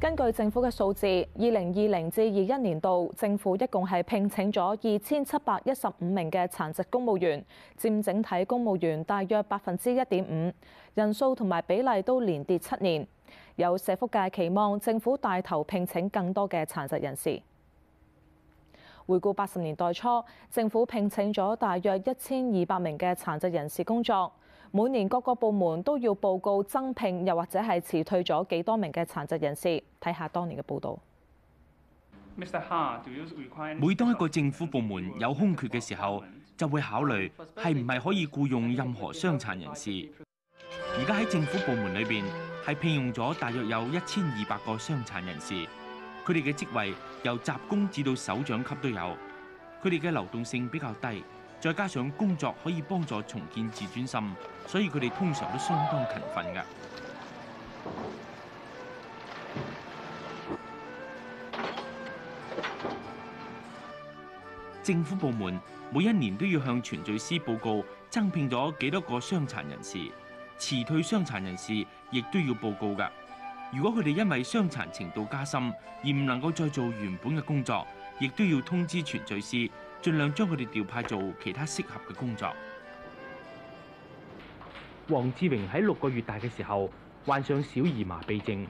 根據政府嘅數字，二零二零至二一年度，政府一共係聘請咗二千七百一十五名嘅殘疾公務員，佔整體公務員大約百分之一點五，人數同埋比例都連跌七年。有社福界期望政府帶頭聘請更多嘅殘疾人士。回顧八十年代初，政府聘請咗大約一千二百名嘅殘疾人士工作。每年各個部門都要報告增聘又或者係辭退咗幾多名嘅殘疾人士，睇下當年嘅報導。Mr. Ha, 每當一個政府部門有空缺嘅時候，就會考慮係唔係可以僱用任何傷殘人士。而家喺政府部門裏邊係聘用咗大約有一千二百個傷殘人士，佢哋嘅職位由雜工至到首長級都有，佢哋嘅流動性比較低。再加上工作可以幫助重建自尊心，所以佢哋通常都相當勤奮嘅。政府部門每一年都要向銓敘司報告增聘咗幾多個傷殘人士，辭退傷殘人士亦都要報告嘅。如果佢哋因為傷殘程度加深而唔能夠再做原本嘅工作，亦都要通知銓敘司。盡量將佢哋調派做其他適合嘅工作。黃志榮喺六個月大嘅時候患上小兒麻痹症，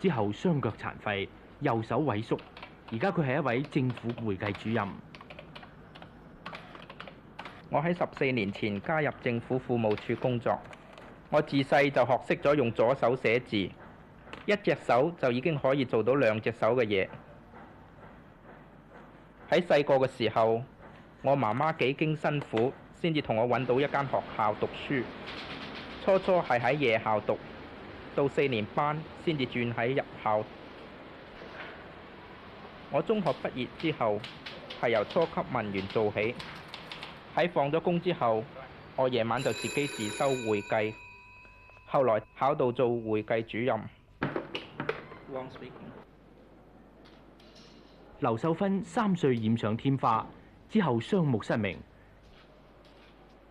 之後雙腳殘廢、右手萎縮。而家佢係一位政府會計主任。我喺十四年前加入政府庫務署工作。我自細就學識咗用左手寫字，一隻手就已經可以做到兩隻手嘅嘢。喺細個嘅時候。我媽媽幾經辛苦，先至同我揾到一間學校讀書。初初係喺夜校讀，到四年班先至轉喺入校。我中學畢業之後，係由初級文員做起。喺放咗工之後，我夜晚就自己自修會計。後來考到做會計主任。劉秀芬三歲染上天花。之後雙目失明，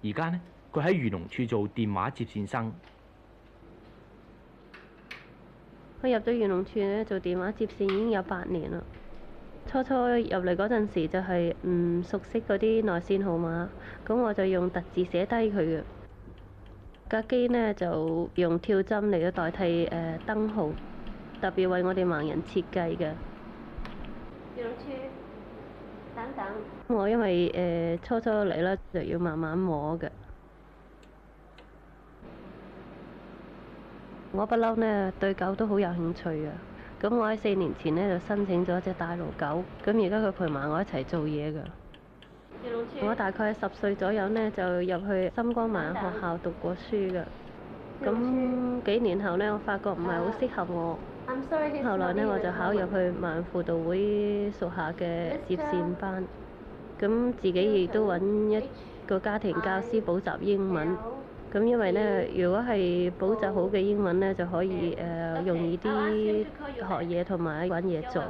而家呢，佢喺漁農處做電話接線生。我入咗漁農處呢，做電話接線已經有八年啦。初初入嚟嗰陣時就係唔熟悉嗰啲內線號碼，咁我就用凸字寫低佢嘅。架機呢就用跳針嚟代替誒燈號，特別為我哋盲人設計嘅。漁農處。我因為誒、呃、初初嚟啦，就要慢慢摸嘅。我不嬲呢，對狗都好有興趣嘅。咁我喺四年前呢，就申請咗隻大路狗，咁而家佢陪埋我一齊做嘢㗎。我大概十歲左右呢，就入去心光盲學校讀過書㗎。咁幾年後呢，我發覺唔係好適合我。後來呢，我就考入去萬輔導會屬下嘅接線班。咁自己亦都揾一個家庭教師補習英文。咁因為呢，如果係補習好嘅英文呢，就可以誒容易啲學嘢同埋揾嘢做。